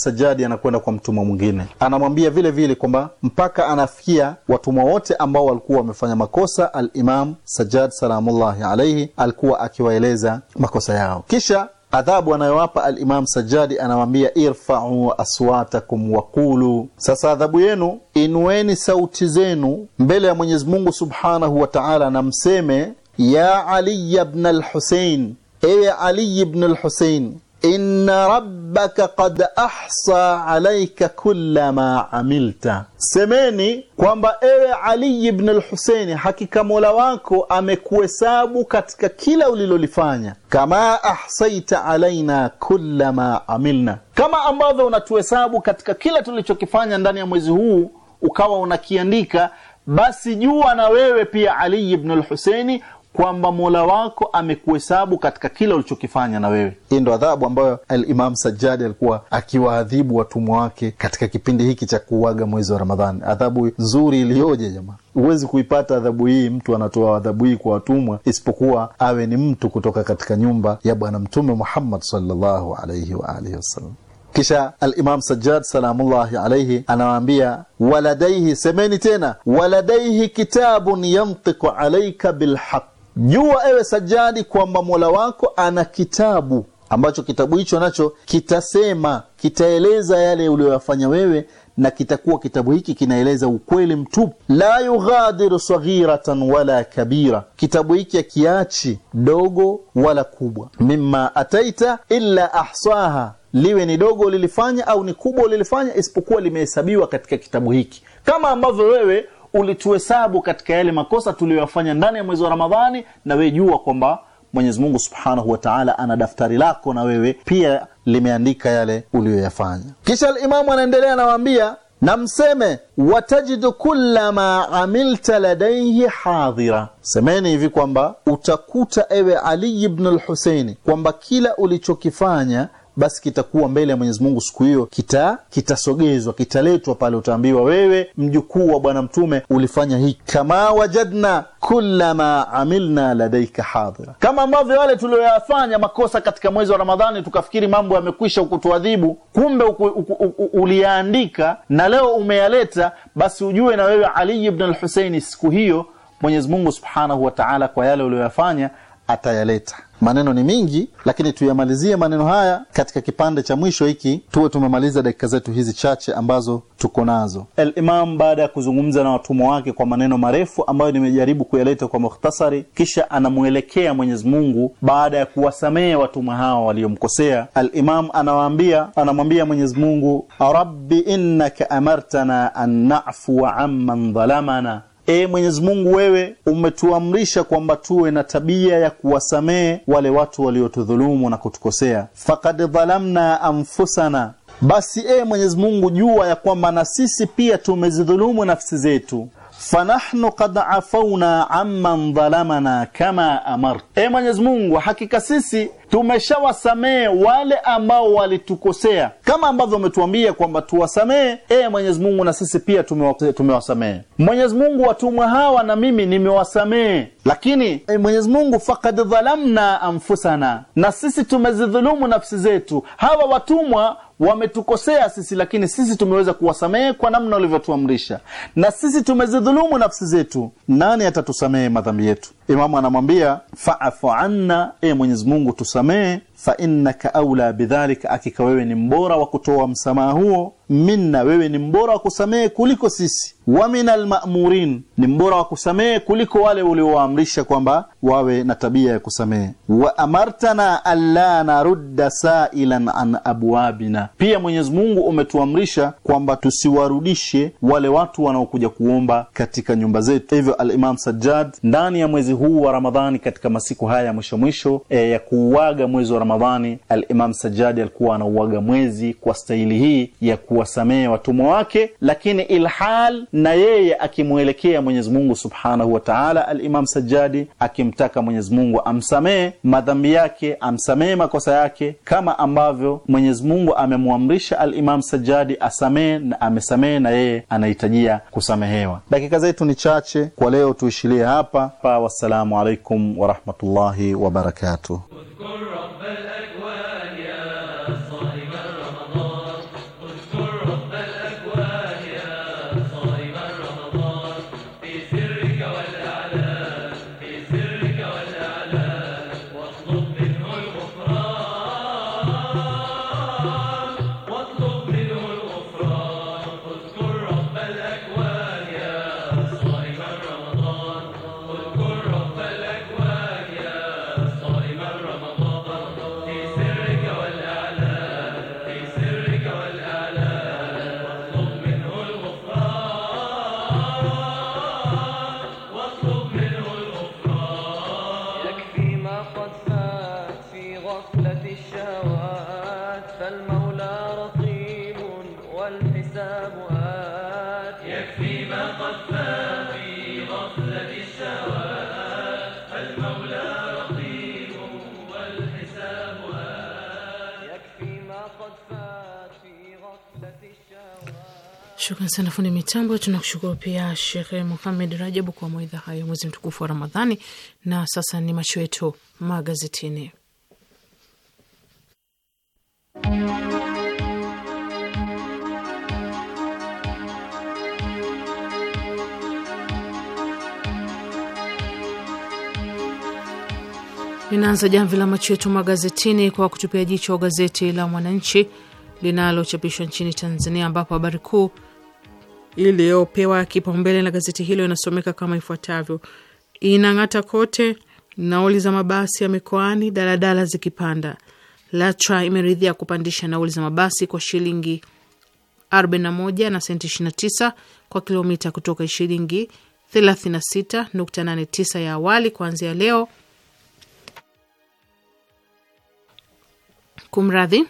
anakwenda kwa mtumwa mwingine, anamwambia vile vile kwamba mpaka anafikia watumwa wote ambao walikuwa wamefanya makosa. Al-Imam Sajjad salamullahi alayhi alikuwa akiwaeleza makosa yao, kisha adhabu anayowapa al-Imam Sajjadi anamwambia, irfa'u aswatakum waqulu, sasa adhabu yenu, inueni sauti zenu mbele ya Mwenyezi Mungu Subhanahu wa Ta'ala na mseme ya Ali ibn al-Husayn, ewe Ali ibn al-Husayn, inna rabbaka qad ahsa alaika kulla ma amilta, semeni kwamba ewe Ali ibn al-Husaini, hakika Mola wako amekuhesabu katika kila ulilolifanya. Kama ahsaita alaina kulla ma amilna, kama ambavyo unatuhesabu katika kila tulichokifanya ndani ya mwezi huu ukawa unakiandika, basi jua na wewe pia Ali ibn al-Husaini kwamba mola wako amekuhesabu katika kila ulichokifanya na wewe. Hii ndo adhabu ambayo Alimamu sajadi alikuwa akiwaadhibu watumwa wake katika kipindi hiki cha kuuaga mwezi wa Ramadhani. Adhabu nzuri iliyoje jamaa! Huwezi kuipata adhabu hii, mtu anatoa adhabu hii kwa watumwa isipokuwa awe ni mtu kutoka katika nyumba ya Bwana Mtume Muhammad sallallahu alaihi wa alihi wasallam. Kisha Alimam Sajad salamullahi alaihi anawaambia waladaihi, semeni tena, waladaihi kitabun yantiku alaika bilhaq jua ewe Sajadi kwamba Mola wako ana kitabu ambacho kitabu hicho nacho kitasema, kitaeleza yale uliyoyafanya wewe, na kitakuwa kitabu hiki kinaeleza ukweli mtupu. La yughadiru saghiratan wala kabira, kitabu hiki akiachi dogo wala kubwa. Mimma ataita illa ahsaha, liwe ni dogo ulilifanya au ni kubwa ulilifanya, isipokuwa limehesabiwa katika kitabu hiki, kama ambavyo wewe ulituhesabu katika yale makosa tuliyoyafanya ndani ya mwezi wa Ramadhani, na wewe jua kwamba Mwenyezi Mungu Subhanahu wa Ta'ala ana daftari lako na wewe pia limeandika yale uliyoyafanya. Kisha al-Imamu anaendelea anawaambia, na mseme watajidu kulla ma amilta ladayhi hadhira, semeni hivi kwamba utakuta ewe Ali ibn al-Husaini kwamba kila ulichokifanya basi kitakuwa mbele ya Mwenyezi Mungu siku hiyo kita kitasogezwa kitaletwa pale, utaambiwa wewe mjukuu wa Bwana Mtume ulifanya hiki, kama wajadna kula ma amilna ladaika hadhira, kama ambavyo wale tulioyafanya makosa katika mwezi wa Ramadhani tukafikiri mambo yamekwisha ukutuadhibu, kumbe uku, uku, uku, uliyaandika na leo umeyaleta, basi ujue na wewe Ali ibn al siku hiyo Mwenyezi Mungu subhanahu wa taala kwa yale uliyoyafanya atayaleta. Maneno ni mingi, lakini tuyamalizie maneno haya katika kipande cha mwisho hiki, tuwe tumemaliza dakika zetu hizi chache ambazo tuko nazo. Al-Imam baada ya kuzungumza na watumwa wake kwa maneno marefu ambayo nimejaribu kuyaleta kwa mukhtasari, kisha anamwelekea Mwenyezi Mungu baada ya kuwasamehe watumwa hao waliomkosea. Al-Imam anawaambia, anamwambia Mwenyezi Mungu, rabbi innaka amartana an na'fuwa amman dhalamana E Mwenyezi Mungu, wewe umetuamrisha kwamba tuwe na tabia ya kuwasamehe wale watu waliotudhulumu na kutukosea. Faqad dhalamna anfusana, basi e Mwenyezi Mungu, jua ya kwamba na sisi pia tumezidhulumu nafsi zetu fanahnu qad afauna amman dhalamana kama amar. E Mwenyezi Mungu, hakika sisi tumeshawasamehe wale ambao walitukosea kama ambavyo umetuambia kwamba tuwasamehe. E Mwenyezi Mungu, na sisi pia tumewasamehe. Mwenyezi Mungu, watumwa hawa na mimi nimewasamehe, lakini e Mwenyezi Mungu, faqad dhalamna anfusana, na sisi tumezidhulumu nafsi zetu. Hawa watumwa wametukosea sisi, lakini sisi tumeweza kuwasamehe kwa namna ulivyotuamrisha, na sisi tumezidhulumu nafsi zetu, nani atatusamehe madhambi yetu? Imamu anamwambia faafu anna, e Mwenyezi Mungu tusamehe fa innaka aula bidhalika akika wewe ni mbora wa kutoa msamaha huo minna wewe ni mbora wa kusamehe kuliko sisi wa min almamurin, ni mbora wa kusamehe kuliko wale uliowaamrisha kwamba wawe na tabia ya kusamehe wa amartana alla narudda sailan an abwabina pia Mwenyezi Mungu umetuamrisha kwamba tusiwarudishe wale watu wanaokuja kuomba katika nyumba zetu hivyo alimam Sajjad ndani ya mwezi huu wa Ramadhani katika masiku haya mwisho mwisho e, ya kuuaga mwezi wa Ramadhani Alimam sajadi alikuwa anauaga mwezi kwa staili hii ya kuwasamehe watumwa wake, lakini ilhal na yeye akimwelekea Mwenyezi Mungu subhanahu wa taala, Alimam sajadi akimtaka Mwenyezi Mungu amsamehe madhambi yake, amsamehe makosa yake, kama ambavyo Mwenyezi Mungu amemwamrisha Alimam sajadi asamehe na amesamehe, na yeye anahitajia kusamehewa. Dakika zetu ni chache kwa leo, tuishilie hapa pa. Wassalamu alaikum warahmatullahi wabarakatuh. اذكر رب الأكوان التابوات يكفي ما قد في غفلة المولى رقيب والحساب يكفي ما قد فات في غفلة Shukran sana fundi mitambo. Tunakushukuru pia Shekhe Muhamed Rajabu kwa mawaidha hayo mwezi mtukufu wa Ramadhani. Na sasa ni macho yetu magazetini. Ninaanza jamvi la macho yetu magazetini kwa kutupia jicho gazeti la Mwananchi linalochapishwa nchini Tanzania, ambapo habari kuu iliyopewa kipaumbele na gazeti hilo inasomeka kama ifuatavyo: inang'ata kote, nauli za mabasi ya mikoani, daladala zikipanda. LATRA imeridhia kupandisha nauli za mabasi kwa shilingi 41 na senti 29 kwa kilomita kutoka shilingi 36.89 ya awali kuanzia leo kumradhi,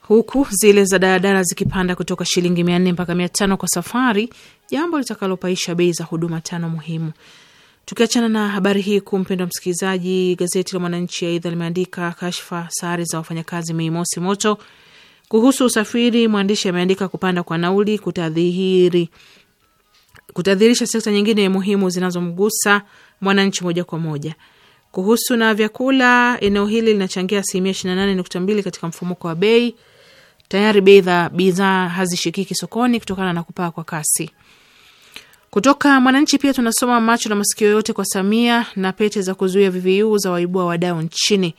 huku zile za daladala zikipanda kutoka shilingi mia nne mpaka mia tano kwa safari, jambo litakalopaisha bei za huduma tano muhimu. Tukiachana na habari hii kuu, mpendwa msikilizaji, gazeti la Mwananchi aidha limeandika kashfa sare za wafanyakazi Mei Mosi moto. Kuhusu usafiri, mwandishi ameandika kupanda kwa nauli kutadhihiri sekta nyingine muhimu zinazomgusa mwananchi moja kwa moja. Kuhusu na vyakula, eneo hili linachangia asilimia 28.2 katika mfumuko wa bei. Tayari bei za bidhaa hazishikiki sokoni kutokana na kupaa kwa kasi. Kutoka Mwananchi pia tunasoma macho na masikio yote kwa Samia na pete za kuzuia VVU za waibua wadau nchini.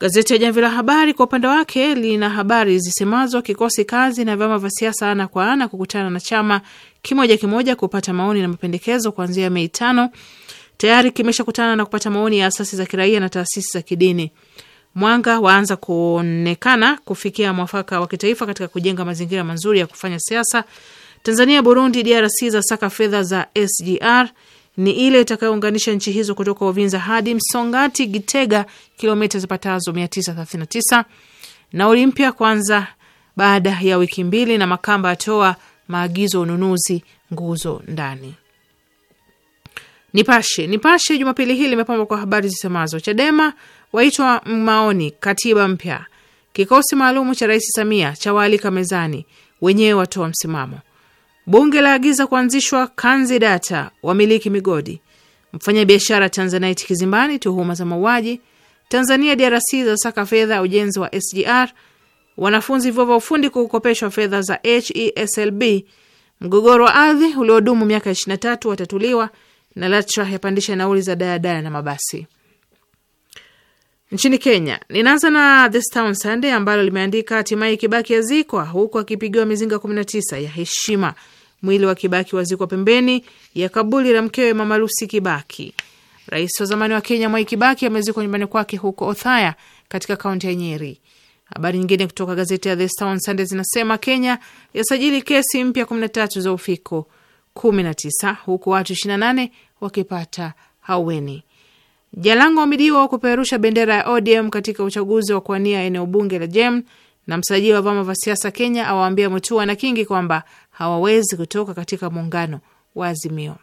Gazeti ya Jamvi la Habari kwa upande wake lina habari zisemazo kikosi kazi na vyama vya siasa ana kwa ana kukutana na chama kimoja kimoja kupata maoni na mapendekezo kuanzia Mei tano tayari kimeshakutana na kupata maoni ya asasi za kiraia na taasisi za kidini. Mwanga waanza kuonekana kufikia mwafaka wa kitaifa katika kujenga mazingira mazuri ya kufanya siasa. Tanzania, Burundi, DRC za saka fedha za SGR ni ile itakayounganisha nchi hizo kutoka Uvinza hadi Msongati Gitega, kilomita zipatazo 939. Nauli mpya kwanza baada ya wiki mbili, na Makamba atoa maagizo ununuzi nguzo ndani. Nipashe. Nipashe Jumapili hii limepambwa kwa habari zisemazo: Chadema waitwa maoni katiba mpya, kikosi maalumu cha Rais Samia chawaalika mezani, wenyewe watoa msimamo, bunge laagiza kuanzishwa kanzi data wamiliki migodi, mfanyabiashara Tanzanite kizimbani tuhuma za mauaji, Tanzania DRC zasaka fedha ujenzi wa SGR, wanafunzi vyuo vya ufundi kukopeshwa fedha za HESLB, mgogoro wa ardhi uliodumu miaka 23 watatuliwa na LATRA yapandisha nauli za daladala na mabasi. Nchini Kenya, ninaanza na This Town Sunday ambalo limeandika hatimaye Kibaki azikwa huku akipigiwa mizinga 19 ya heshima. Mwili wa Kibaki wazikwa pembeni ya kaburi la mkewe Mama Lucy Kibaki. Rais wa zamani wa Kenya Mwai Kibaki amezikwa nyumbani kwake huko Othaya katika kaunti ya Nyeri. Habari nyingine kutoka gazeti ya The Town Sunday zinasema Kenya yasajili kesi mpya 13 za ufiko 19 huku watu 28 wakipata haweni. Jalango wa kupeperusha bendera ya ODM katika uchaguzi wa kuania eneo bunge la JEM, na msajili wa vyama vya siasa Kenya awaambia Mutua na Kingi kwamba hawawezi kutoka katika muungano wa Azimio.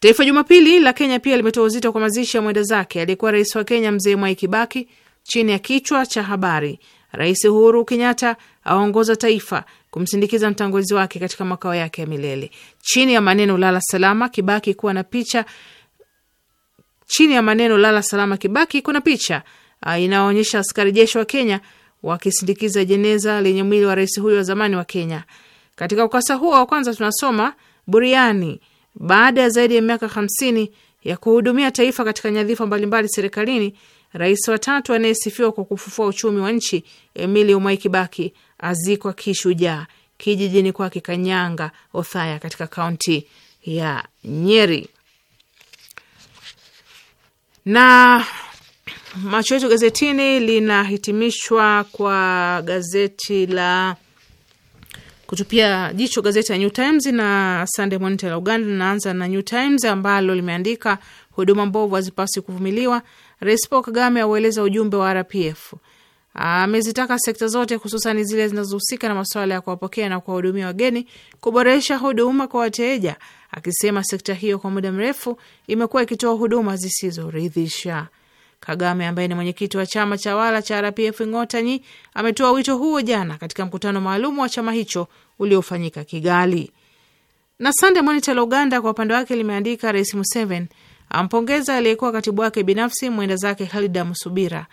Taifa Jumapili la Kenya pia limetoa uzito kwa mazishi ya mwenda zake aliyekuwa rais wa Kenya Mzee Mwai Kibaki chini ya kichwa cha habari Rais Uhuru Kenyatta aongoza taifa kumsindikiza mtangulizi wake katika makao yake ya milele. Chini ya maneno lala salama, Kibaki kuwa na picha. Chini ya maneno lala salama, Kibaki kuna picha ah, inaonyesha askari jeshi wa Kenya wakisindikiza jeneza lenye mwili wa rais huyo wa zamani wa Kenya. Katika ukasa huo wa kwanza tunasoma buriani, baada ya zaidi ya miaka hamsini ya kuhudumia taifa katika nyadhifa mbalimbali serikalini, Rais wa tatu anayesifiwa kwa kufufua uchumi wa nchi Emili Umai Kibaki azikwa kishujaa kijijini kwake Kanyanga Othaya katika kaunti ya Nyeri. Na macho yetu gazetini linahitimishwa kwa gazeti la kutupia jicho gazeti la New Times na Sunday Monitor la Uganda. Linaanza na New Times ambalo limeandika huduma mbovu hazipaswi kuvumiliwa. Rais Paul Kagame aueleza ujumbe wa RPF. Amezitaka sekta zote hususan zile zinazohusika na masuala ya kuwapokea na kuwahudumia wageni kuboresha huduma kwa wateja, akisema sekta hiyo kwa muda mrefu imekuwa ikitoa huduma zisizoridhisha. Kagame ambaye ni mwenyekiti wa chama cha wala cha RPF Ng'otanyi ametoa wito huo jana katika mkutano maalum wa chama hicho uliofanyika Kigali. Na Sunday Monitor la Uganda kwa upande wake limeandika Rais Museveni ampongeza aliyekuwa katibu wake binafsi mwenda zake halida Musubira.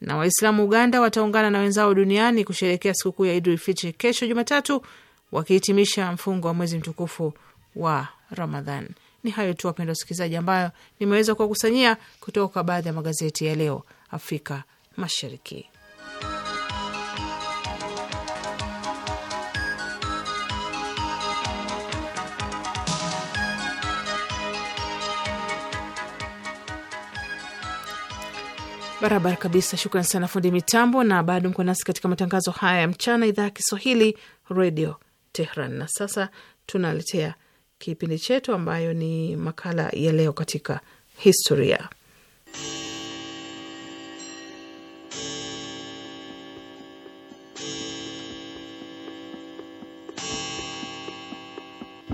Na Waislamu Uganda wataungana na wenzao duniani kusherekea sikukuu ya Idul Fitri kesho Jumatatu, wakihitimisha mfungo wa mwezi mtukufu wa Ramadhan. Ni hayo tu wapenda wasikilizaji, ambayo nimeweza kuwakusanyia kutoka baadhi ya magazeti ya leo Afrika Mashariki. Barabara kabisa. Shukran sana fundi mitambo, na bado mko nasi katika matangazo haya ya mchana, idhaa ya Kiswahili radio Tehran. Na sasa tunaletea kipindi chetu ambayo ni makala ya leo katika historia.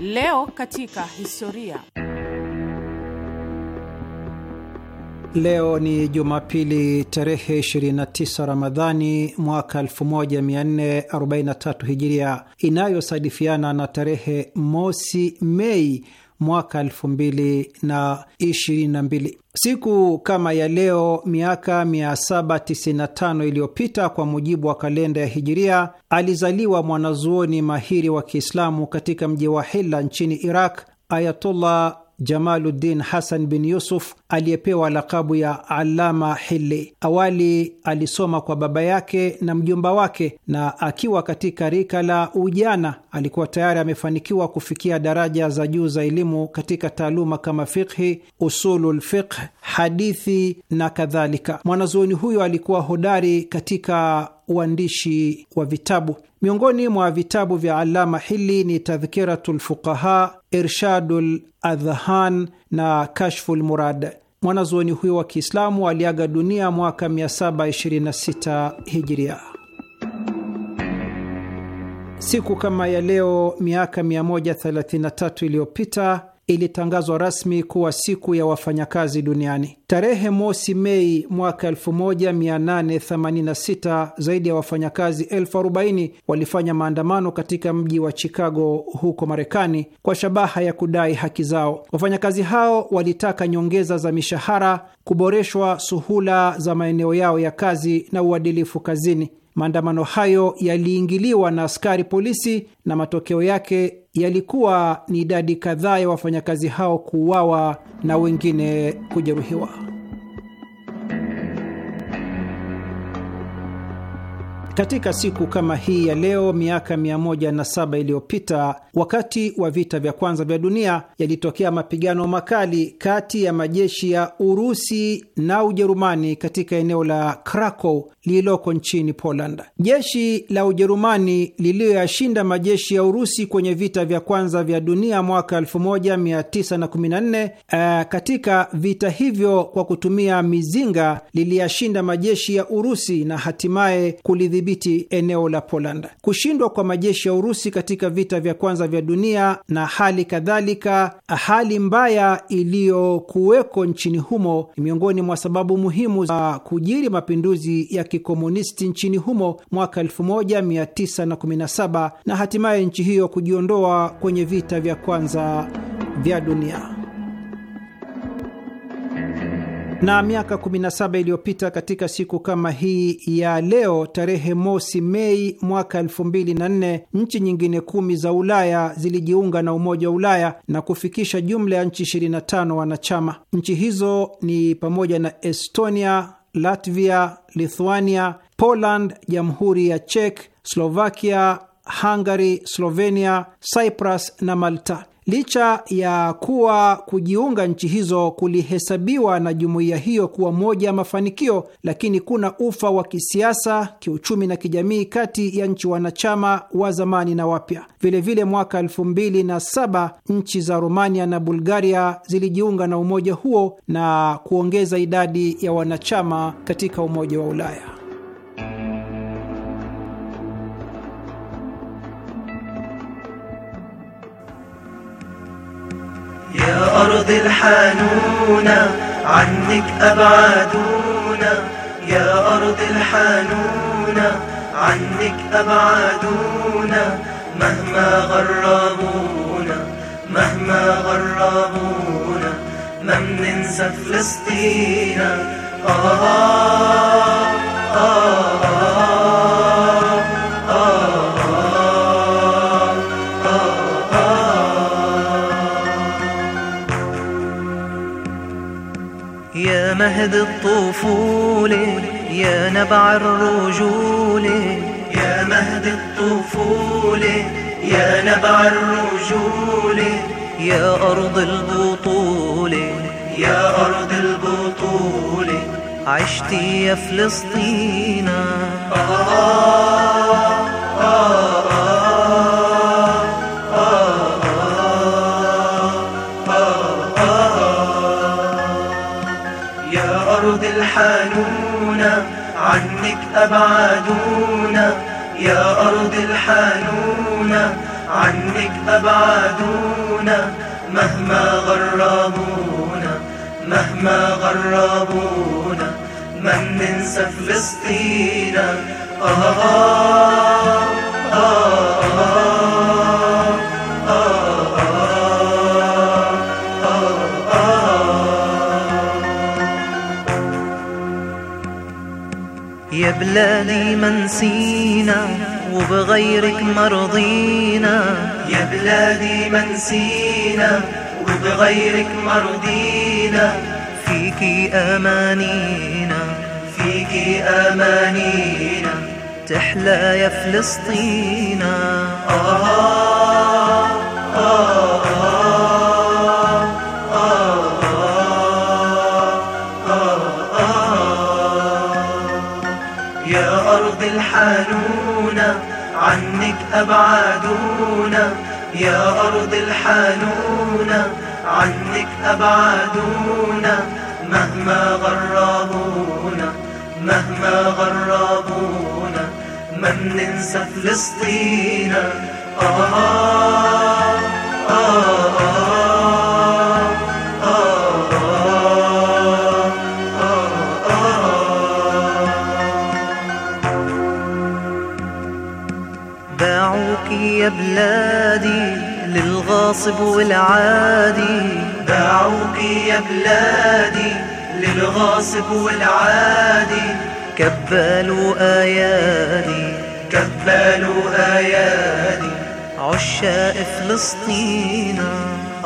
Leo katika historia Leo ni Jumapili tarehe 29 Ramadhani mwaka 1443 Hijiria, inayosadifiana na tarehe mosi Mei mwaka 2022. Siku kama ya leo miaka 795 iliyopita kwa mujibu wa kalenda ya Hijiria, alizaliwa mwanazuoni mahiri wa Kiislamu katika mji wa Hilla nchini Iraq, Ayatullah Jamaluddin Hasan bin Yusuf aliyepewa lakabu ya Alama Hilli. Awali alisoma kwa baba yake na mjomba wake, na akiwa katika rika la ujana alikuwa tayari amefanikiwa kufikia daraja za juu za elimu katika taaluma kama fiqhi, usulul fiqh, hadithi na kadhalika. Mwanazuoni huyo alikuwa hodari katika uandishi wa vitabu. Miongoni mwa vitabu vya Alama Hili ni Tadhkiratu lfuqaha, Irshadu Ladhhan na Kashfu lmurad. Mwanazuoni huyo wa Kiislamu aliaga dunia mwaka 726 Hijiria. Siku kama ya leo miaka 133 iliyopita ilitangazwa rasmi kuwa siku ya wafanyakazi duniani tarehe mosi Mei mwaka 1886. Zaidi ya wafanyakazi elfu arobaini walifanya maandamano katika mji wa Chicago huko Marekani kwa shabaha ya kudai haki zao. Wafanyakazi hao walitaka nyongeza za mishahara, kuboreshwa suhula za maeneo yao ya kazi na uadilifu kazini. Maandamano hayo yaliingiliwa na askari polisi na matokeo yake yalikuwa ni idadi kadhaa ya wafanyakazi hao kuuawa na wengine kujeruhiwa. Katika siku kama hii ya leo miaka 107 iliyopita, wakati wa vita vya kwanza vya dunia, yalitokea mapigano makali kati ya majeshi ya Urusi na Ujerumani katika eneo la Krakow lililoko nchini Poland. Jeshi la Ujerumani liliyoyashinda majeshi ya Urusi kwenye vita vya kwanza vya dunia mwaka 1914, uh, eh, katika vita hivyo kwa kutumia mizinga liliyashinda majeshi ya Urusi na hatimaye kulidhibiti kudhibiti eneo la Poland. Kushindwa kwa majeshi ya Urusi katika vita vya kwanza vya dunia na hali kadhalika hali mbaya iliyokuweko nchini humo ni miongoni mwa sababu muhimu za kujiri mapinduzi ya kikomunisti nchini humo mwaka 1917 na hatimaye nchi hiyo kujiondoa kwenye vita vya kwanza vya dunia. Na miaka 17 iliyopita katika siku kama hii ya leo, tarehe mosi Mei mwaka 2004, nchi nyingine kumi za Ulaya zilijiunga na Umoja wa Ulaya na kufikisha jumla ya nchi 25 wanachama. Nchi hizo ni pamoja na Estonia, Latvia, Lithuania, Poland, Jamhuri ya Czech, Slovakia, Hungary, Slovenia, Cyprus na Malta. Licha ya kuwa kujiunga nchi hizo kulihesabiwa na jumuiya hiyo kuwa moja ya mafanikio, lakini kuna ufa wa kisiasa, kiuchumi na kijamii kati ya nchi wanachama wa zamani na wapya. Vilevile, mwaka elfu mbili na saba nchi za Romania na Bulgaria zilijiunga na umoja huo na kuongeza idadi ya wanachama katika Umoja wa Ulaya. يا أرض الحنونة عنك أبعدونا يا أرض الحنونة عنك أبعدونا مهما غربونا مهما غربونا ما بننسى فلسطين آه آه, آه, آه مهد الطفولة يا نبع الرجولة يا مهد الطفولة يا نبع الرجولة يا أرض البطولة يا أرض البطولة عشتي يا فلسطينة آه آه آه, آه. أبعدونا يا أرض الحنونة عنك أبعدونا مهما غربونا مهما غربونا ما ننسى فلسطين آه آه, آه بلادي منسينا وبغيرك مرضينا يا بلادي منسينا وبغيرك مرضينا فيكي أمانينا فيكي أمانينا تحلى يا فلسطينا آه آه آه, آه أبعدونا يا أرض الحنونة عنك أبعدونا مهما غربونا مهما غربونا ما ننسى فلسطين آه آه, آه, آه. بلادي للغاصب والعادي دعوكي يا بلادي للغاصب والعادي كبلوا ايادي كبلوا ايادي عشاء فلسطين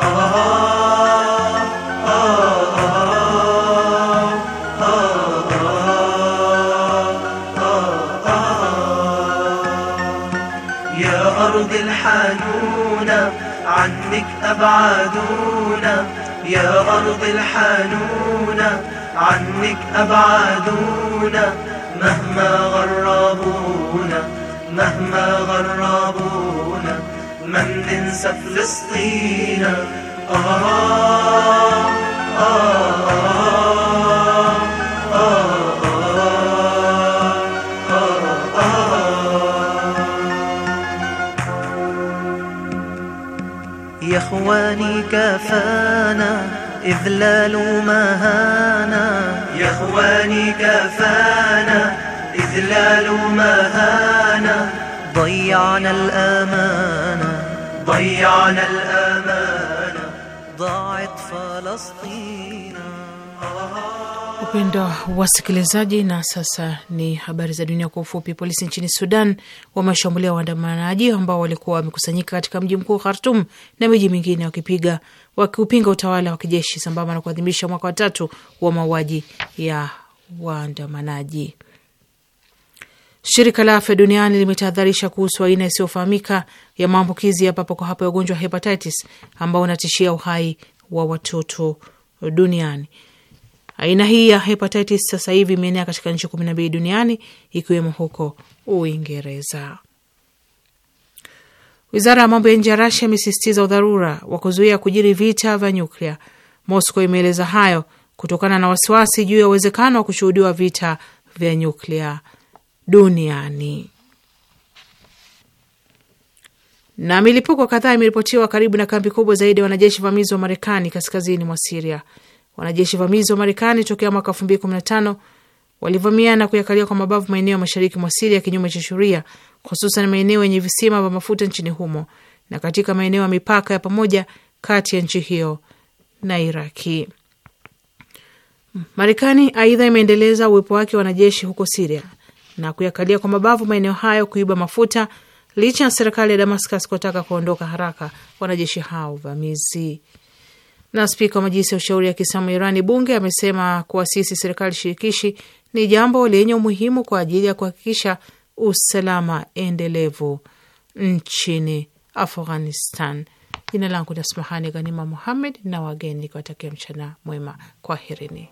آه الحنون عنك أبعدونا يا أرض الحنونة عنك أبعدونا مهما غربونا مهما غربونا من ننسى فلسطين آه آه, آه, آه. إخواني كفانا إذلال مهانا يا إخواني كفانا إذلال مهانا ضيعنا الأمانة ضيعنا الأمانة ضاعت فلسطين آه. Wapendwa wasikilizaji, na sasa ni habari za dunia kwa ufupi. Polisi nchini Sudan wameshambulia waandamanaji ambao walikuwa wamekusanyika katika mji mkuu Khartum na miji mingine wakipiga wakiupinga utawala wa kijeshi sambamba na kuadhimisha mwaka watatu wa mauaji ya waandamanaji. Shirika la afya duniani limetahadharisha kuhusu aina isiyofahamika ya maambukizi ya papo kwa hapo ya ugonjwa wa hepatitis ambao unatishia uhai wa watoto duniani. Aina hii ya hepatitis sasa hivi imeenea katika nchi kumi na mbili duniani ikiwemo huko Uingereza. Wizara ya mambo ya nje ya Rasia imesisitiza udharura wa kuzuia kujiri vita vya nyuklia. Moscow imeeleza hayo kutokana na wasiwasi juu ya uwezekano wa kushuhudiwa vita vya nyuklia duniani. Na milipuko kadhaa imeripotiwa karibu na kambi kubwa zaidi ya wanajeshi vamizi wa Marekani kaskazini mwa Siria. Wanajeshi vamizi wa Marekani tokea mwaka elfu mbili kumi na tano walivamia na kuyakalia kwa mabavu maeneo ya mashariki mwa Siria kinyume cha sheria, hususan maeneo yenye visima vya mafuta nchini humo na katika maeneo ya mipaka ya pamoja kati ya nchi hiyo na Iraki. Marekani aidha imeendeleza uwepo wake wa wanajeshi huko Siria na kuyakalia kwa mabavu maeneo hayo kuiba mafuta, licha ya serikali ya Damascus kutaka kuondoka haraka wanajeshi hao vamizi. Na spika wa majlisi ya ushauri ya Kiislamu Irani bunge amesema kuasisi serikali shirikishi ni jambo lenye umuhimu kwa ajili ya kuhakikisha usalama endelevu nchini Afghanistan. Jina langu Asmahani Ghanima Muhammed na wageni nikiwatakia mchana mwema, kwaherini.